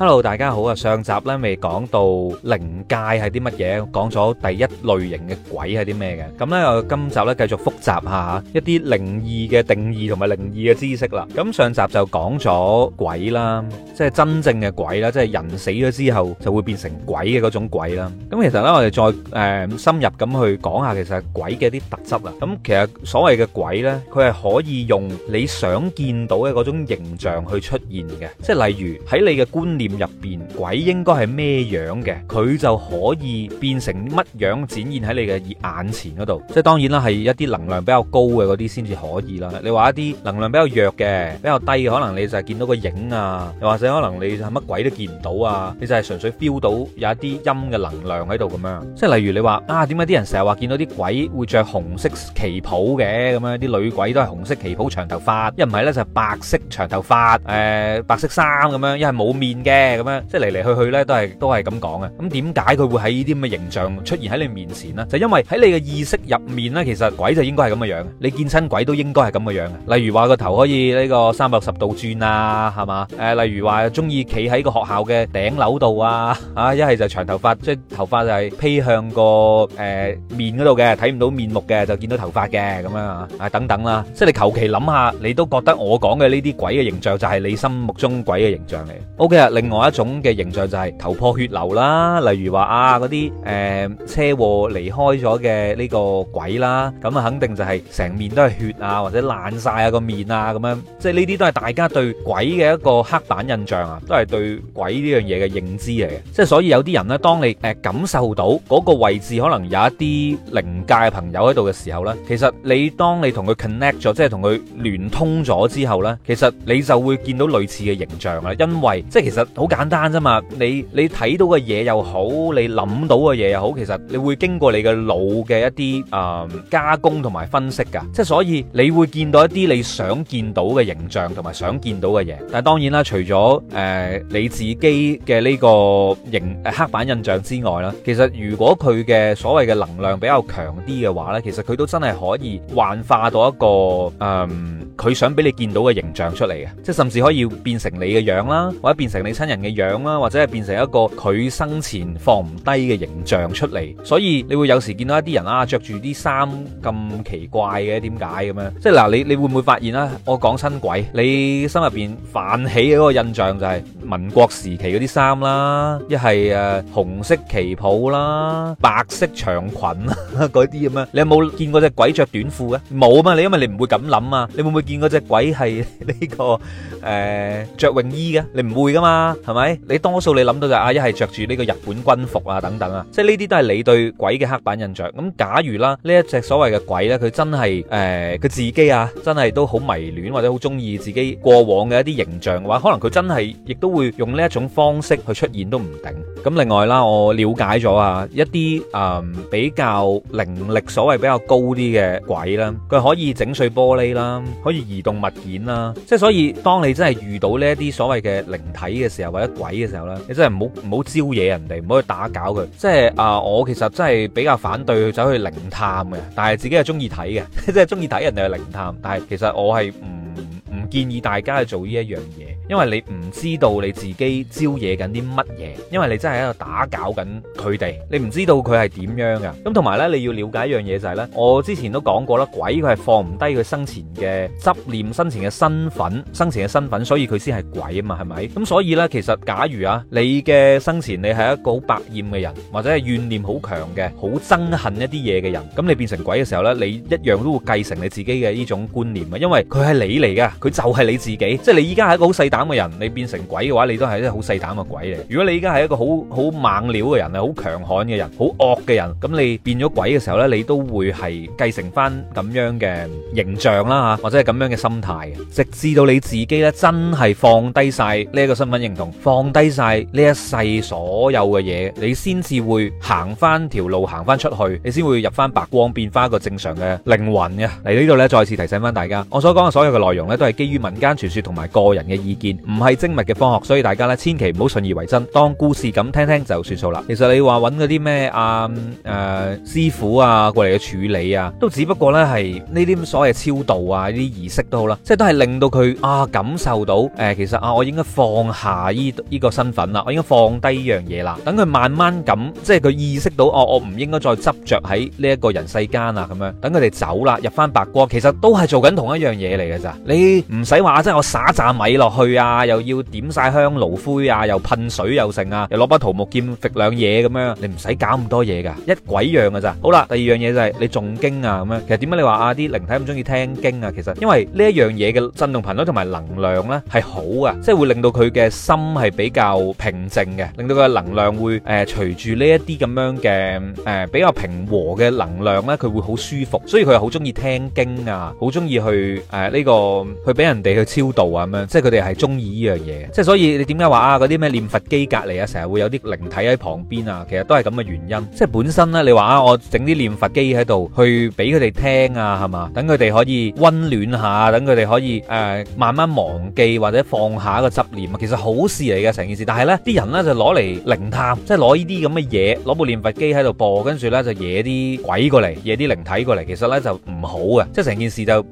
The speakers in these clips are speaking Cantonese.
Hello，大家好啊！上集咧未講到靈界係啲乜嘢，講咗第一類型嘅鬼係啲咩嘅，咁、嗯、咧我今集咧繼續複習下一啲靈異嘅定義同埋靈異嘅知識啦。咁、嗯、上集就講咗鬼啦，即係真正嘅鬼啦，即係人死咗之後就會變成鬼嘅嗰種鬼啦。咁其實咧我哋再誒深入咁去講下，其實、呃、其實鬼嘅啲特質啦。咁、嗯、其實所謂嘅鬼呢，佢係可以用你想見到嘅嗰種形象去出現嘅，即係例如喺你嘅觀念入邊鬼應該係咩樣嘅，佢就可以變成乜樣展現喺你嘅眼前嗰度。即係當然啦，係一啲能量比較高嘅嗰啲先至可以啦。你話一啲能量比較弱嘅、比較低嘅，可能你就係見到個影啊，又或者可能你係乜鬼都見唔到啊，你就係純粹 feel 到有一啲陰嘅能量喺度咁樣。即係例如你話啊，點解啲人成日話見到啲鬼會着紅色旗袍嘅咁樣，啲女鬼都係紅色旗袍長頭髮，一唔係呢，就係，白色長頭髮，誒、呃、白色衫咁樣，一係冇面嘅。誒，咁樣即係嚟嚟去去咧，都係都係咁講嘅。咁點解佢會喺呢啲咁嘅形象出現喺你面前咧？就因為喺你嘅意識入面咧，其實鬼就應該係咁嘅樣。你見親鬼都應該係咁嘅樣。例如話，個頭可以呢個三百六十度轉啊，係嘛？誒，例如話中意企喺個學校嘅頂樓度啊，啊，一係就長頭髮，即係頭髮就係披向個誒面嗰度嘅，睇唔到面目嘅，就見到頭髮嘅咁樣啊，等等啦。即係你求其諗下，你都覺得我講嘅呢啲鬼嘅形象就係你心目中鬼嘅形象嚟。OK 啊，另。另外一種嘅形象就係頭破血流啦，例如話啊嗰啲誒車禍離開咗嘅呢個鬼啦，咁啊肯定就係成面都係血啊，或者爛晒啊個面啊咁樣，即係呢啲都係大家對鬼嘅一個刻板印象啊，都係對鬼呢樣嘢嘅認知嚟嘅。即係所以有啲人咧，當你誒感受到嗰個位置可能有一啲靈界嘅朋友喺度嘅時候咧，其實你當你同佢 connect 咗，即係同佢聯通咗之後咧，其實你就會見到類似嘅形象啦，因為即係其實。好簡單啫嘛，你你睇到嘅嘢又好，你諗到嘅嘢又好，其實你會經過你嘅腦嘅一啲誒、呃、加工同埋分析㗎，即係所以你會見到一啲你想見到嘅形象同埋想見到嘅嘢。但係當然啦，除咗誒、呃、你自己嘅呢個形、呃、刻板印象之外啦，其實如果佢嘅所謂嘅能量比較強啲嘅話呢，其實佢都真係可以幻化到一個誒。呃佢想俾你見到嘅形象出嚟嘅，即係甚至可以變成你嘅樣啦，或者變成你親人嘅樣啦，或者係變成一個佢生前放唔低嘅形象出嚟。所以你會有時見到一啲人啊，着住啲衫咁奇怪嘅，點解咁樣？即係嗱、啊，你你會唔會發現啊？我講親鬼，你心入邊泛起嗰個印象就係民國時期嗰啲衫啦，一係誒紅色旗袍啦，白色長裙嗰啲咁樣。你有冇見過隻鬼着短褲啊？冇啊嘛，你因為你唔會咁諗啊，你會唔會？見嗰隻鬼係呢個誒著泳衣嘅，你唔會㗎嘛？係咪？你多數你諗到就係啊，一係著住呢個日本軍服啊等等啊，即係呢啲都係你對鬼嘅刻板印象。咁假如啦，呢一隻所謂嘅鬼咧，佢真係誒佢自己啊，真係都好迷戀或者好中意自己過往嘅一啲形象嘅話，可能佢真係亦都會用呢一種方式去出現都唔定。咁另外啦，我了解咗啊，一啲誒比較靈力所謂比較高啲嘅鬼咧，佢可以整碎玻璃啦，可以。移動物件啦，即係所以，當你真係遇到呢一啲所謂嘅靈體嘅時候，或者鬼嘅時候呢，你真係唔好唔好招惹人哋，唔好去打攪佢。即係啊，我其實真係比較反對走去靈探嘅，但係自己係中意睇嘅，即係中意睇人哋去靈探，但係其實我係唔唔建議大家去做呢一樣嘢。因為你唔知道你自己招惹緊啲乜嘢，因為你真係喺度打搞緊佢哋，你唔知道佢係點樣噶。咁同埋呢，你要了解一樣嘢就係呢：我之前都講過啦，鬼佢係放唔低佢生前嘅執念、生前嘅身份、生前嘅身份，所以佢先係鬼啊嘛，係咪？咁所以呢，其實假如啊，你嘅生前你係一個好百厭嘅人，或者係怨念好強嘅、好憎恨一啲嘢嘅人，咁你變成鬼嘅時候呢，你一樣都會繼承你自己嘅呢種觀念啊，因為佢係你嚟噶，佢就係你自己，即係你依家係一個好細膽嘅人，你變成鬼嘅話，你都係一隻好細膽嘅鬼嚟。如果你而家係一個好好猛料嘅人啊，好強悍嘅人，好惡嘅人，咁你變咗鬼嘅時候呢，你都會係繼承翻咁樣嘅形象啦吓，或者係咁樣嘅心態。直至到你自己呢，真係放低晒呢一個身份認同，放低晒呢一世所有嘅嘢，你先至會行翻條路，行翻出去，你先會入翻白光，變翻一個正常嘅靈魂嘅。嚟呢度呢，再次提醒翻大家，我所講嘅所有嘅內容呢，都係基於民間傳說同埋個人嘅意見。唔係精密嘅科學，所以大家呢，千祈唔好信以為真，當故事咁聽聽就算數啦。其實你話揾嗰啲咩啊誒、啊、師傅啊過嚟嘅處理啊，都只不過呢係呢啲所謂超度啊呢啲儀式都好啦，即係都係令到佢啊感受到誒、呃，其實啊我應該放下呢依、呢個身份啦、啊，我應該放低呢樣嘢啦。等佢慢慢咁，即係佢意識到哦、啊，我唔應該再執着喺呢一個人世間啊咁樣。等佢哋走啦，入翻白光，其實都係做緊同一樣嘢嚟嘅咋。你唔使話，即係我撒扎米落去、啊。啊，又要點晒香爐灰啊，又噴水又剩啊，又攞把桃木劍劈兩嘢咁樣，你唔使搞咁多嘢噶，一鬼樣噶咋？好啦，第二樣嘢就係、是、你誦經啊咁樣。其實點解你話啊啲靈體咁中意聽經啊？其實因為呢一樣嘢嘅震動頻率同埋能量呢係好啊，即係會令到佢嘅心係比較平靜嘅，令到佢嘅能量會誒、呃、隨住呢一啲咁樣嘅誒、呃、比較平和嘅能量呢，佢會好舒服，所以佢係好中意聽經啊，好中意去誒呢、呃這個去俾人哋去超度啊咁樣，即係佢哋係中意呢樣嘢，即係所以你點解話啊嗰啲咩念佛機隔籬，啊，成日會有啲靈體喺旁邊啊，其實都係咁嘅原因。即係本身呢，你話啊，我整啲念佛機喺度去俾佢哋聽啊，係嘛，等佢哋可以溫暖下，等佢哋可以誒、呃、慢慢忘記或者放下個執念啊，其實好事嚟嘅，成件事。但係呢啲人呢，就攞嚟靈探，即係攞呢啲咁嘅嘢，攞部念佛機喺度播，跟住呢，就惹啲鬼過嚟，惹啲靈體過嚟，其實呢，就唔好嘅，即係成件事就。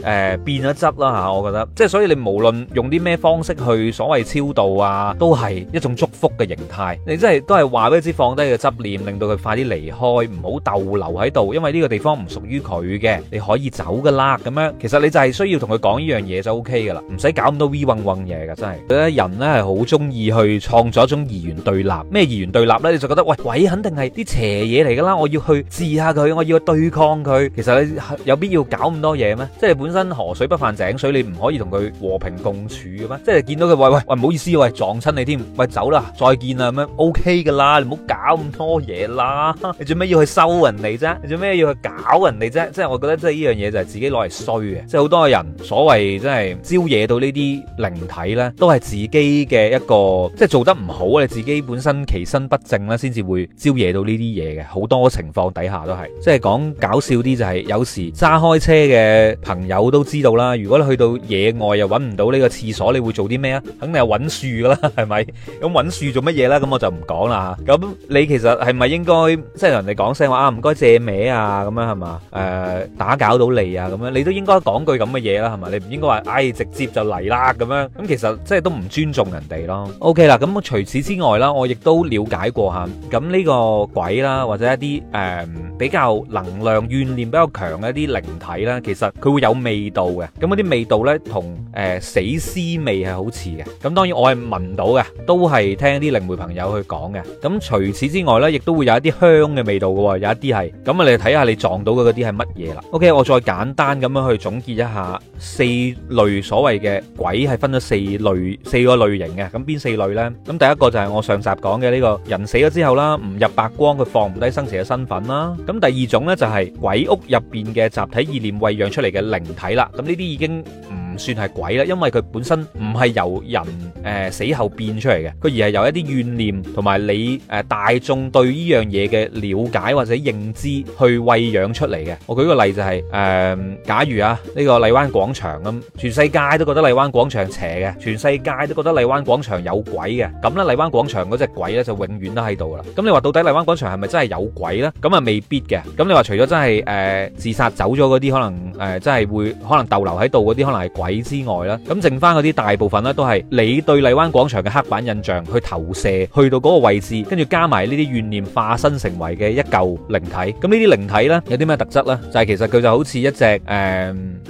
誒、呃、變咗質啦、啊、嚇，我覺得即係所以你無論用啲咩方式去所謂超度啊，都係一種祝福嘅形態。你真係都係話俾佢知放低佢嘅執念，令到佢快啲離開，唔好逗留喺度，因為呢個地方唔屬於佢嘅。你可以走噶啦咁樣。其實你就係需要同佢講呢樣嘢就 OK 噶啦，唔使搞咁多 v 揾揾嘢噶，真係。咧人呢係好中意去創造一種二元對立。咩二元對立呢？你就覺得喂，鬼肯定係啲邪嘢嚟噶啦，我要去治下佢，我要去對抗佢。其實你有必要搞咁多嘢咩？即係本本身河水不犯井水，你唔可以同佢和平共處嘅咩？即係見到佢，喂喂喂，唔好意思，喂撞親你添，喂走啦，再見啦咁樣，OK 噶啦，你唔好搞咁多嘢啦，你做咩要去收人哋啫？你做咩要去搞人哋啫？即係我覺得即係呢樣嘢就係自己攞嚟衰嘅，即係好多人所謂即係招惹到呢啲靈體咧，都係自己嘅一個即係做得唔好啊，你自己本身其身不正啦，先至會招惹到呢啲嘢嘅。好多情況底下都係，即係講搞笑啲就係有時揸開車嘅朋友。我都知道啦。如果你去到野外又揾唔到呢個廁所，你會做啲咩啊？肯定係揾樹噶啦，係咪？咁揾樹做乜嘢咧？咁我就唔講啦。咁你其實係咪應該即係同人哋講聲話啊？唔該借歪啊？咁樣係嘛？誒，打攪到你啊？咁樣你都應該講句咁嘅嘢啦，係嘛？你唔應該話唉，直接就嚟啦咁樣。咁其實即係都唔尊重人哋咯。OK 啦，咁除此之外啦，我亦都了解過吓。咁呢個鬼啦，或者一啲誒比較能量怨念比較強嘅一啲靈體啦，其實佢會有名。味道嘅，咁嗰啲味道呢，同誒、呃、死屍味係好似嘅。咁當然我係聞到嘅，都係聽啲靈媒朋友去講嘅，咁除此之外呢，亦都會有一啲香嘅味道嘅，有一啲係，咁啊你睇下你撞到嘅嗰啲係乜嘢啦。OK，我再簡單咁樣去總結一下，四類所謂嘅鬼係分咗四類四個類型嘅，咁邊四類呢？咁第一個就係我上集講嘅呢個人死咗之後啦，唔入白光，佢放唔低生前嘅身份啦，咁第二種呢，就係、是、鬼屋入邊嘅集體意念餵養出嚟嘅靈。睇啦，咁呢啲已經算係鬼啦，因為佢本身唔係由人誒、呃、死後變出嚟嘅，佢而係由一啲怨念同埋你誒、呃、大眾對呢樣嘢嘅了解或者認知去餵養出嚟嘅。我舉個例就係、是、誒、呃，假如啊呢、這個荔灣廣場咁，全世界都覺得荔灣廣場邪嘅，全世界都覺得荔灣廣場有鬼嘅，咁咧荔灣廣場嗰隻鬼咧就永遠都喺度啦。咁你話到底荔灣廣場係咪真係有鬼呢？咁啊未必嘅。咁你話除咗真係誒、呃、自殺走咗嗰啲，可能誒、呃、真係會可能逗留喺度嗰啲，可能係鬼。你之外啦，咁剩翻嗰啲大部分咧，都係你對荔灣廣場嘅刻板印象去投射，去到嗰個位置，跟住加埋呢啲怨念化身成為嘅一舊靈體，咁呢啲靈體咧，有啲咩特質咧？就係、是、其實佢就好似一隻誒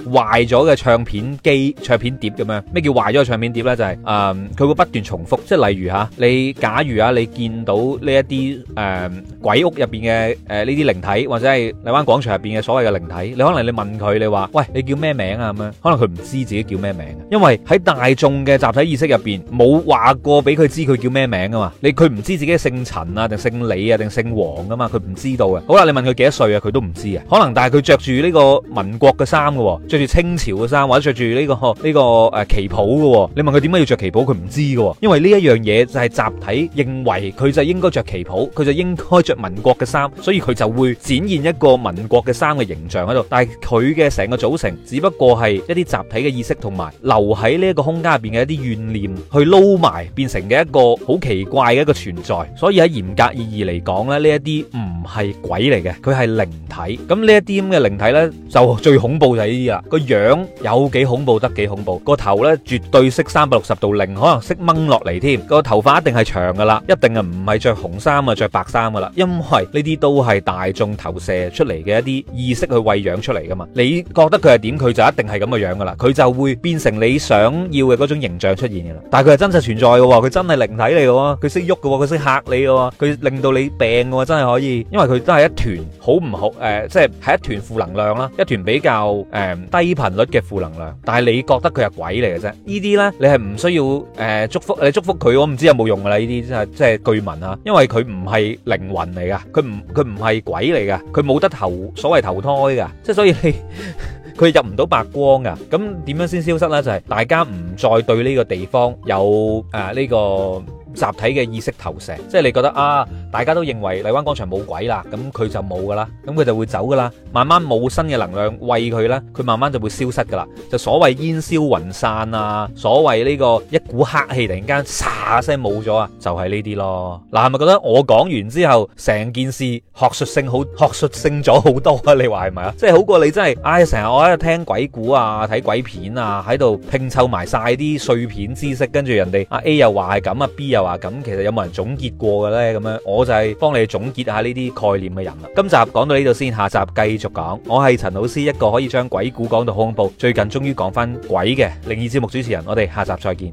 壞咗嘅唱片機唱片碟咁樣咩叫壞咗嘅唱片碟咧？就係誒佢會不斷重複，即係例如吓、啊、你假如啊，你見到呢一啲誒鬼屋入邊嘅誒呢啲靈體或者係荔灣廣場入邊嘅所謂嘅靈體，你可能你問佢，你話喂，你叫咩名啊？咁樣可能佢唔知。自己叫咩名？因為喺大眾嘅集體意識入邊，冇話過俾佢知佢叫咩名噶嘛。你佢唔知自己姓陳啊，定姓李啊，定姓王噶嘛。佢唔知道啊。好啦，你問佢幾多歲啊，佢都唔知啊。可能但係佢着住呢個民國嘅衫噶，着住清朝嘅衫，或者着住呢個呢個誒旗袍噶。你問佢點解要着旗袍，佢唔知噶。因為呢一樣嘢就係集體認為佢就應該着旗袍，佢就應該着民國嘅衫，所以佢就會展現一個民國嘅衫嘅形象喺度。但係佢嘅成個組成只不過係一啲集體嘅。意識同埋留喺呢一個空間入邊嘅一啲怨念，去撈埋變成嘅一個好奇怪嘅一個存在。所以喺嚴格意義嚟講咧，呢一啲唔。嗯唔係鬼嚟嘅，佢係靈體。咁呢一啲咁嘅靈體咧，就最恐怖就係呢啲啊。個樣有幾恐怖得幾恐怖，個頭咧絕對識三百六十度靈，可能識掹落嚟添。個頭髮一定係長噶啦，一定係唔係着紅衫啊着白衫噶啦，因為呢啲都係大眾投射出嚟嘅一啲意識去餵養出嚟噶嘛。你覺得佢係點，佢就一定係咁嘅樣噶啦，佢就會變成你想要嘅嗰種形象出現噶啦。但係佢係真實存在嘅，佢真係靈體嚟嘅，佢識喐嘅，佢識嚇你嘅，佢令到你病嘅，真係可以。因為佢都係一團好唔好誒，即係係一團負能量啦，一團比較誒低頻率嘅負能量。但係你覺得佢係鬼嚟嘅啫，呢啲咧你係唔需要誒祝福，你祝福佢我唔知有冇用噶啦，呢啲真係即係據聞啊。因為佢唔係靈魂嚟噶，佢唔佢唔係鬼嚟噶，佢冇得投所謂投胎噶，即係所以你佢入唔到白光噶。咁點樣先消失咧？就係大家唔再對呢個地方有誒呢個。集體嘅意識投射，即係你覺得啊，大家都認為荔灣廣場冇鬼啦，咁佢就冇噶啦，咁佢就會走噶啦，慢慢冇新嘅能量餵佢啦，佢慢慢就會消失噶啦，就所謂煙消雲散啊，所謂呢個一股黑氣突然間唰聲冇咗啊，就係呢啲咯。嗱係咪覺得我講完之後，成件事學術性好學術性咗好多啊？你話係咪啊？ 即係好過你真係唉，成、哎、日我喺度聽鬼故啊，睇鬼片啊，喺度拼湊埋晒啲碎片知識，跟住人哋啊 A 又話係咁啊 B 又。話咁，其實有冇人總結過嘅呢？咁樣，我就係幫你總結下呢啲概念嘅人啦。今集講到呢度先，下集繼續講。我係陳老師，一個可以將鬼故講到好恐怖，最近終於講翻鬼嘅靈異節目主持人。我哋下集再見。